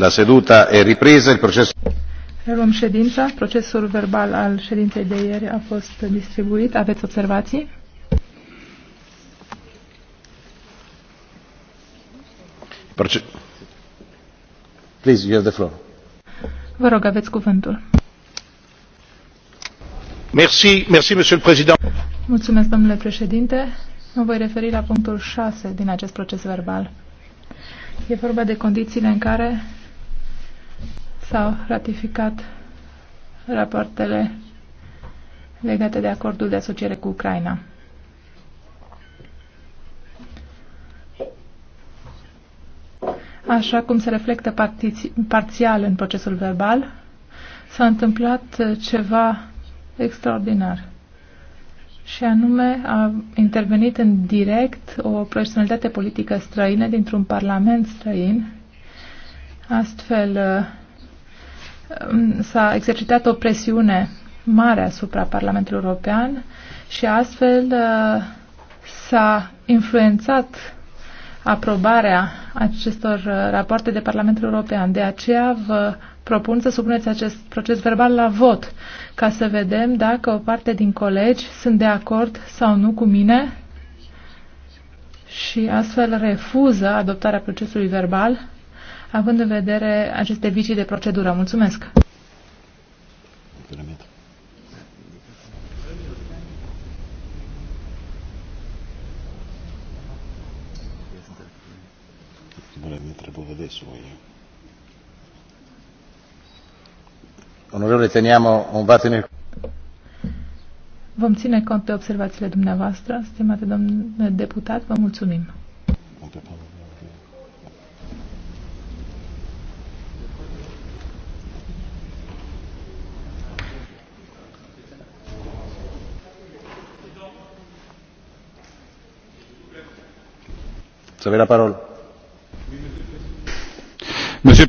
La seduta e ripresa. Il processo... Reluăm ședința. Procesul verbal al ședinței de ieri a fost distribuit. Aveți observații? Proce Please, you have the floor. Vă rog, aveți cuvântul. Merci, merci, monsieur le président. Mulțumesc, domnule președinte. Mă voi referi la punctul 6 din acest proces verbal. E vorba de condițiile în care s-au ratificat rapoartele legate de acordul de asociere cu Ucraina. Așa cum se reflectă parțial în procesul verbal, s-a întâmplat ceva extraordinar. Și anume a intervenit în direct o personalitate politică străină dintr-un parlament străin. Astfel, s-a exercitat o presiune mare asupra Parlamentului European și astfel uh, s-a influențat aprobarea acestor uh, rapoarte de Parlamentul European. De aceea vă propun să supuneți acest proces verbal la vot, ca să vedem dacă o parte din colegi sunt de acord sau nu cu mine și astfel refuză adoptarea procesului verbal având în vedere aceste vicii de procedură. Mulțumesc! Onorevole, teniamo un vattene. Vom ține cont de observațiile dumneavoastră, stimate domnule deputat, vă mulțumim. Domnule Președinte,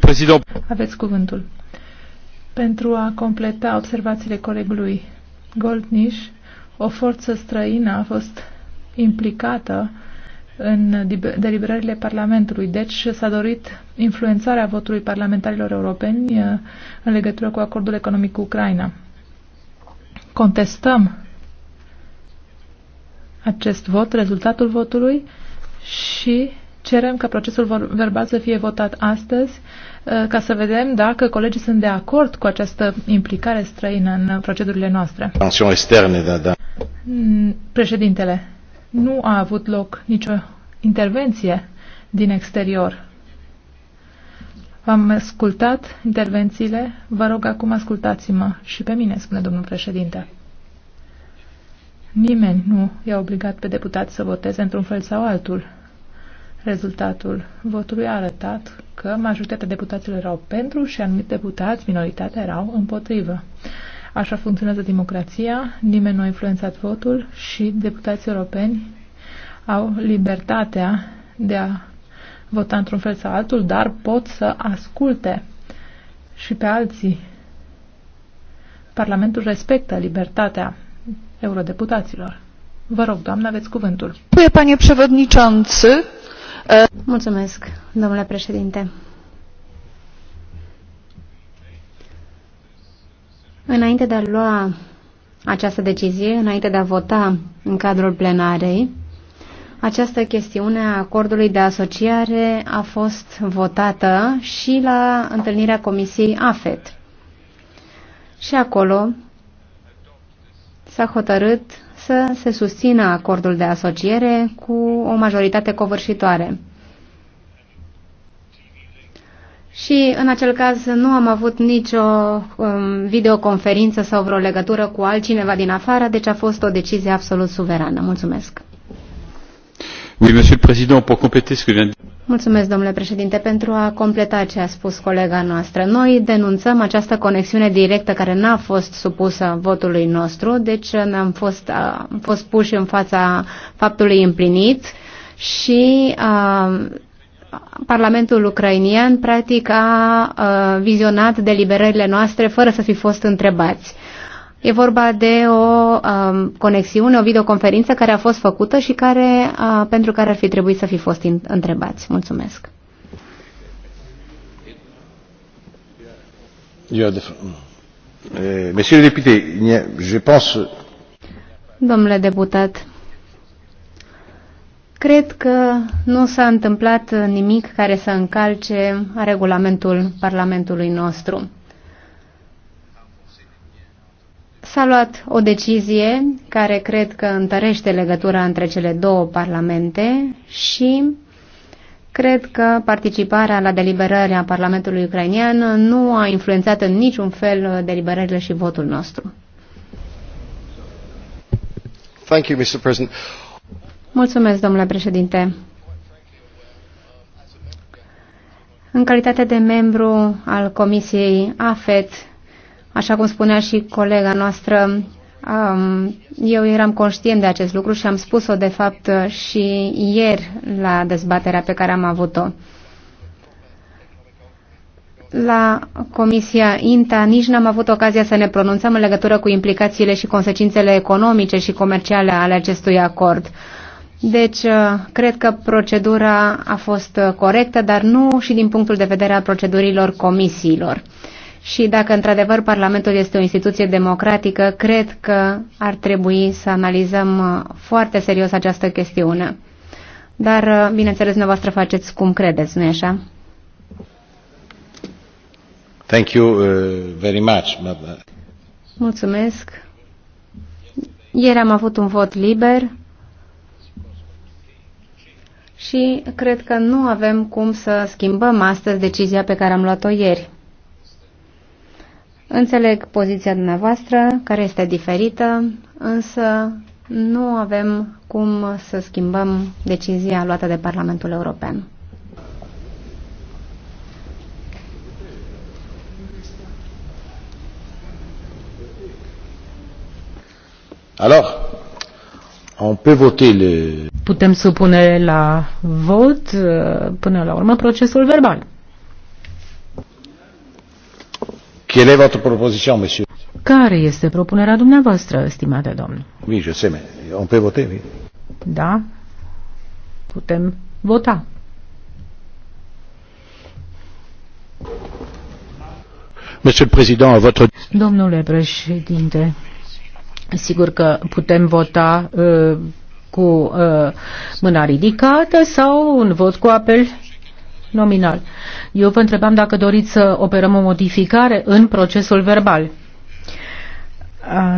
Président. Pentru a completa observațiile colegului Goldnish, o forță străină a fost implicată în deliberările Parlamentului. Deci s-a dorit influențarea votului parlamentarilor europeni uh, în legătură cu acordul economic cu Ucraina. Contestăm acest vot, rezultatul votului și cerem ca procesul verbal să fie votat astăzi uh, ca să vedem dacă colegii sunt de acord cu această implicare străină în procedurile noastre. Externe, da, da. Președintele, nu a avut loc nicio intervenție din exterior. V-am ascultat intervențiile, vă rog acum ascultați-mă și pe mine, spune domnul președinte. Nimeni nu i-a obligat pe deputat să voteze într-un fel sau altul. Rezultatul votului a arătat că majoritatea deputaților erau pentru și anumiti deputați, minoritatea, erau împotrivă. Așa funcționează democrația, nimeni nu a influențat votul și deputații europeni au libertatea de a vota într-un fel sau altul, dar pot să asculte și pe alții. Parlamentul respectă libertatea eurodeputaților. Vă rog, doamnă, aveți cuvântul. Panie przewodniczący. Mulțumesc, domnule președinte. Înainte de a lua această decizie, înainte de a vota în cadrul plenarei, această chestiune a acordului de asociare a fost votată și la întâlnirea Comisiei AFET. Și acolo s-a hotărât să se susțină acordul de asociere cu o majoritate covârșitoare. Și în acel caz nu am avut nicio um, videoconferință sau vreo legătură cu altcineva din afară, deci a fost o decizie absolut suverană. Mulțumesc! Mulțumesc, domnule președinte, pentru a completa ce a spus colega noastră. Noi denunțăm această conexiune directă care n-a fost supusă votului nostru, deci ne-am fost, am fost puși în fața faptului împlinit și uh, Parlamentul ucrainian practic a uh, vizionat deliberările noastre fără să fi fost întrebați. E vorba de o um, conexiune, o videoconferință care a fost făcută și care, uh, pentru care ar fi trebuit să fi fost întrebați. Mulțumesc. Eh, Domnule deputat, cred că nu s-a întâmplat nimic care să încalce regulamentul Parlamentului nostru. S-a luat o decizie care cred că întărește legătura între cele două parlamente și cred că participarea la deliberarea Parlamentului ucrainian nu a influențat în niciun fel deliberările și votul nostru. Thank you, Mr. President. Mulțumesc, domnule președinte. În calitate de membru al Comisiei AFET Așa cum spunea și colega noastră, eu eram conștient de acest lucru și am spus-o, de fapt, și ieri la dezbaterea pe care am avut-o. La Comisia INTA nici n-am avut ocazia să ne pronunțăm în legătură cu implicațiile și consecințele economice și comerciale ale acestui acord. Deci, cred că procedura a fost corectă, dar nu și din punctul de vedere al procedurilor comisiilor. Și dacă într-adevăr Parlamentul este o instituție democratică, cred că ar trebui să analizăm uh, foarte serios această chestiune. Dar, uh, bineînțeles, dumneavoastră faceți cum credeți, nu-i așa? Thank you uh, very much. Mulțumesc. Ieri am avut un vot liber și cred că nu avem cum să schimbăm astăzi decizia pe care am luat-o ieri. Înțeleg poziția dumneavoastră, care este diferită, însă nu avem cum să schimbăm decizia luată de Parlamentul European. Alors, on peut voter le... Putem supune la vot uh, până la urmă procesul verbal. Quelle est votre proposition, monsieur? Care este propunerea dumneavoastră, estimate domn? Oui, je sais, mais on peut voter, oui. Da, putem vota. Monsieur le Président, votre... Domnule președinte, sigur că putem vota uh, cu uh, mâna ridicată sau un vot cu apel nominal. Eu vă întrebam dacă doriți să operăm o modificare în procesul verbal.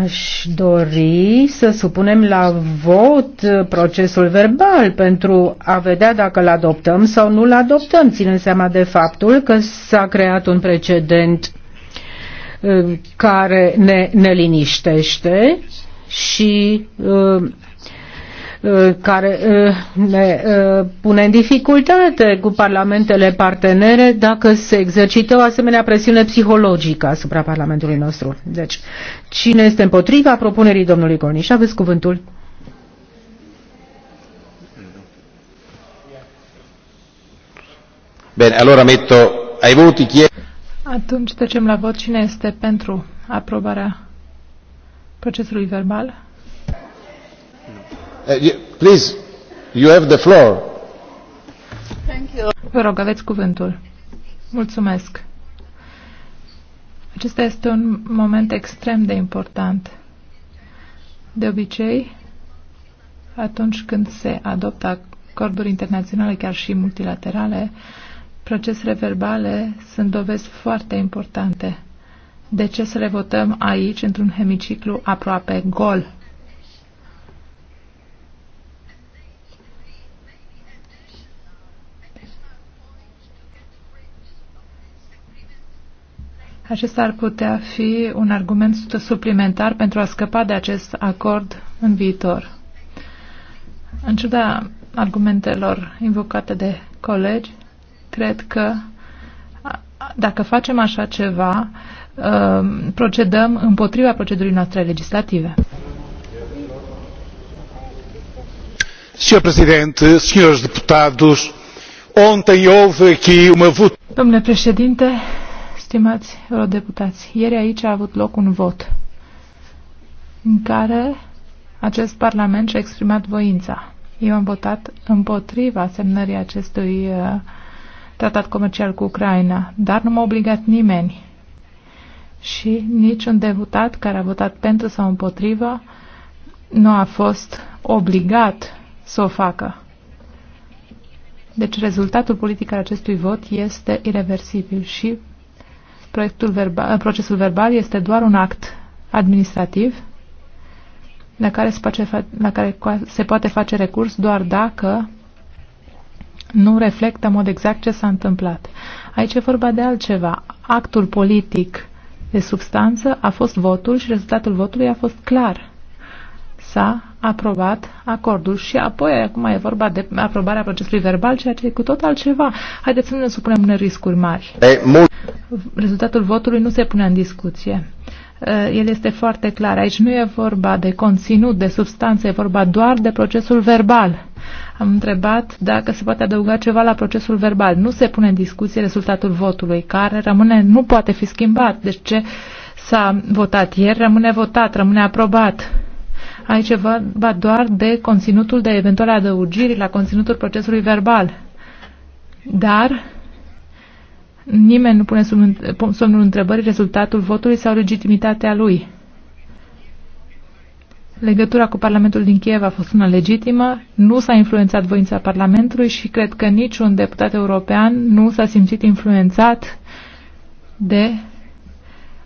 Aș dori să supunem la vot procesul verbal pentru a vedea dacă îl adoptăm sau nu îl adoptăm, ținând seama de faptul că s-a creat un precedent uh, care ne, ne liniștește și uh, care eh, ne eh, pune în dificultate cu parlamentele partenere dacă se exercită o asemenea presiune psihologică asupra Parlamentului nostru. Deci, cine este împotriva propunerii domnului Corniș? Aveți cuvântul. Bine, allora metto ai voti chi Atunci trecem la vot. Cine este pentru aprobarea procesului verbal? Uh, please, you have the floor. Thank you. Vă rog, aveți cuvântul. Mulțumesc. Acesta este un moment extrem de important. De obicei, atunci când se adoptă acorduri internaționale, chiar și multilaterale, procesele verbale sunt dovezi foarte importante. De ce să le votăm aici, într-un hemiciclu aproape gol? Acesta ar putea fi un argument suplimentar pentru a scăpa de acest acord în viitor. În ciuda argumentelor invocate de colegi, cred că dacă facem așa ceva, uh, procedăm împotriva procedurii noastre legislative. Sr. Presidente, Sr. Deputados, ontem houve aqui uma votação. Domnule președinte, Stimați eurodeputați, ieri aici a avut loc un vot în care acest Parlament și-a exprimat voința. Eu am votat împotriva semnării acestui uh, tratat comercial cu Ucraina, dar nu m-a obligat nimeni și niciun deputat care a votat pentru sau împotriva nu a fost obligat să o facă. Deci rezultatul politic al acestui vot este irreversibil și Proiectul verbal, procesul verbal este doar un act administrativ la care, se face, la care se poate face recurs doar dacă nu reflectă în mod exact ce s-a întâmplat. Aici e vorba de altceva. Actul politic de substanță a fost votul și rezultatul votului a fost clar s-a aprobat acordul și apoi acum e vorba de aprobarea procesului verbal, ceea ce e cu tot altceva. Haideți să nu ne supunem unei riscuri mari. Rezultatul votului nu se pune în discuție. Uh, el este foarte clar. Aici nu e vorba de conținut, de substanță, e vorba doar de procesul verbal. Am întrebat dacă se poate adăuga ceva la procesul verbal. Nu se pune în discuție rezultatul votului, care rămâne, nu poate fi schimbat. Deci ce s-a votat ieri rămâne votat, rămâne aprobat Aici e vorba doar de conținutul de eventuale adăugiri la conținutul procesului verbal. Dar nimeni nu pune sub semnul întrebării rezultatul votului sau legitimitatea lui. Legătura cu Parlamentul din Kiev a fost una legitimă, nu s-a influențat voința Parlamentului și cred că niciun deputat european nu s-a simțit influențat de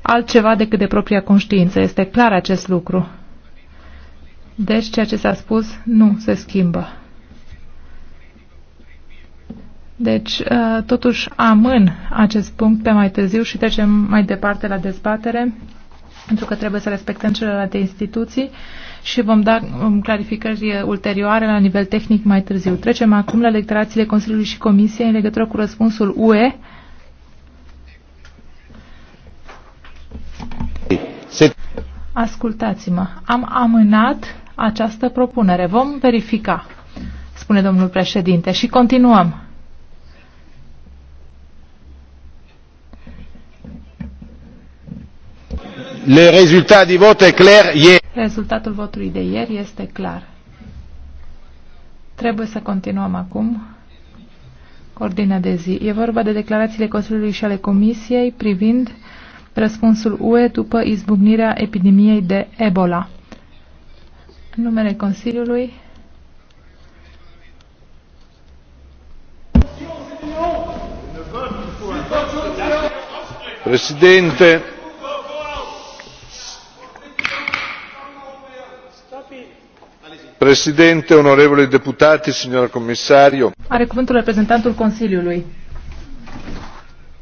altceva decât de propria conștiință. Este clar acest lucru. Deci ceea ce s-a spus nu se schimbă. Deci, uh, totuși amân acest punct pe mai târziu și trecem mai departe la dezbatere, pentru că trebuie să respectăm celelalte instituții și vom da um, clarificări uh, ulterioare la nivel tehnic mai târziu. Trecem acum la declarațiile Consiliului și Comisiei în legătură cu răspunsul UE. Ascultați-mă, am amânat această propunere. Vom verifica, spune domnul președinte, și continuăm. Le rezultat vot e clar e... Rezultatul votului de ieri este clar. Trebuie să continuăm acum ordinea de zi. E vorba de declarațiile Consiliului și ale Comisiei privind răspunsul UE după izbucnirea epidemiei de Ebola. În numele Consiliului. Presidente, Presidente, onorevoli deputati, signora Commissario. Are cuvântul reprezentantul Consiliului.